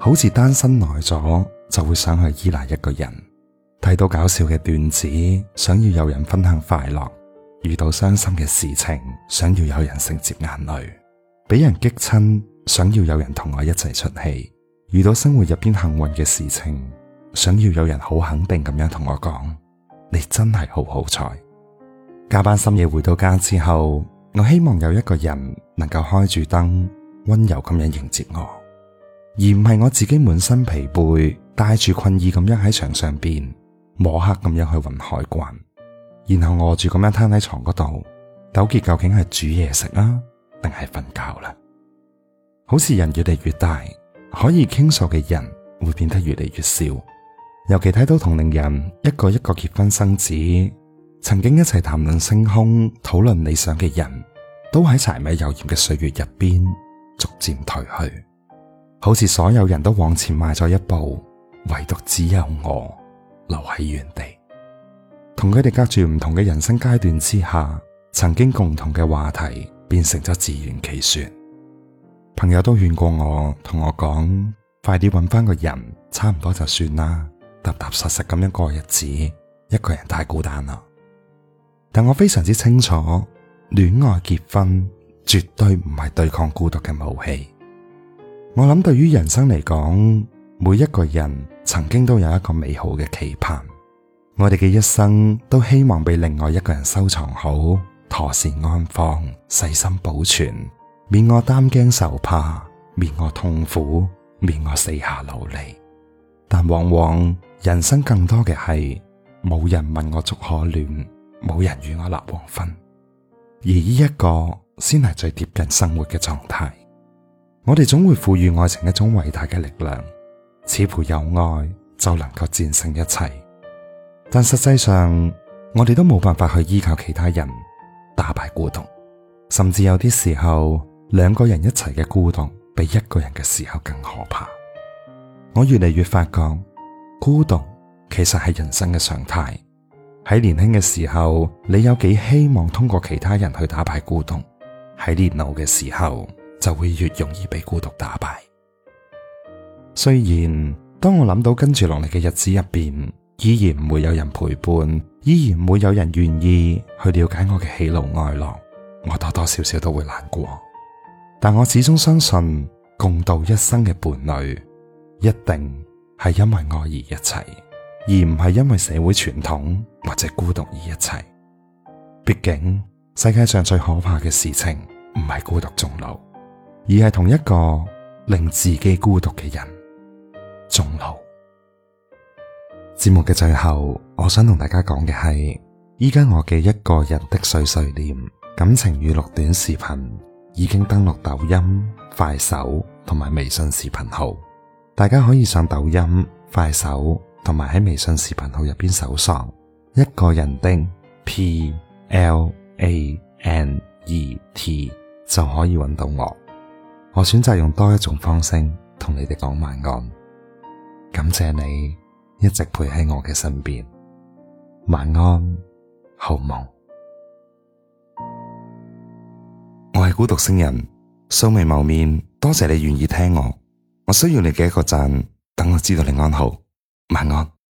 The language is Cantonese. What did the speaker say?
好似單身耐咗就會想去依賴一個人，睇到搞笑嘅段子想要有人分享快樂，遇到傷心嘅事情想要有人承接眼淚，俾人激親想要有人同我一齊出氣，遇到生活入邊幸運嘅事情想要有人好肯定咁樣同我講，你真係好好彩。加班深夜回到家之後，我希望有一個人能夠開住燈，溫柔咁樣迎接我。而唔係我自己滿身疲憊，帶住困意咁樣喺牆上邊摸黑咁樣去揾開關，然後餓、呃、住咁樣癱喺床嗰度，糾結究竟係煮嘢食啦，定係瞓覺啦？好似人越嚟越大，可以傾訴嘅人會變得越嚟越少，尤其睇到同齡人一個一個結婚生子，曾經一齊談論星空、討論理想嘅人都喺柴米油鹽嘅歲月入邊逐漸褪去。好似所有人都往前邁咗一步，唯獨只有我留喺原地。同佢哋隔住唔同嘅人生階段之下，曾經共同嘅話題變成咗自圓其說。朋友都勸過我，同我講：快啲揾翻個人，差唔多就算啦，踏踏實實咁樣過日子。一個人太孤單啦。但我非常之清楚，戀愛結婚絕對唔係對抗孤獨嘅武器。我諗，對於人生嚟講，每一個人曾經都有一個美好嘅期盼。我哋嘅一生都希望被另外一個人收藏好，妥善安放，細心保存，免我擔驚受怕，免我痛苦，免我四下流離。但往往人生更多嘅係冇人問我粥可温，冇人與我立黃昏。而呢一個先係最貼近生活嘅狀態。我哋總會賦予愛情一種偉大嘅力量，似乎有愛就能夠戰勝一切。但實際上，我哋都冇辦法去依靠其他人打敗孤獨，甚至有啲時候兩個人一齊嘅孤獨，比一個人嘅時候更可怕。我越嚟越發覺孤獨其實係人生嘅常態。喺年輕嘅時候，你有幾希望通過其他人去打敗孤獨？喺年老嘅時候，就會越容易被孤獨打敗。雖然當我諗到跟住落嚟嘅日子入邊，依然唔會有人陪伴，依然唔會有人願意去了解我嘅喜怒哀樂，我多多少少都會難過。但我始終相信，共度一生嘅伴侶一定係因為愛而一齊，而唔係因為社會傳統或者孤獨而一齊。畢竟世界上最可怕嘅事情唔係孤獨終老。而係同一個令自己孤獨嘅人好終老。節目嘅最後，我想同大家講嘅係，依家我嘅一個人的碎碎念感情語錄短視頻已經登錄抖音、快手同埋微信視頻號，大家可以上抖音、快手同埋喺微信視頻號入邊搜索一個人的 p l a n e t 就可以揾到我。我選擇用多一種方式同你哋講晚安，感謝你一直陪喺我嘅身邊，晚安，好夢。我係孤獨星人，素未謀面，多謝你願意聽我，我需要你嘅一個讚，等我知道你安好，晚安。